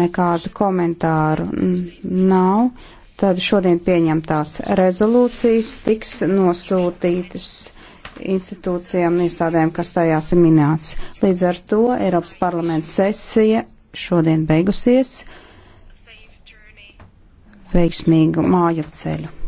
nekādu komentāru nav, tad šodien pieņemtās rezolūcijas tiks nosūtītas institūcijām un iestādēm, kas tajās ir minēts. Līdz ar to Eiropas parlaments sesija šodien beigusies. Veiksmīgu māju ceļu!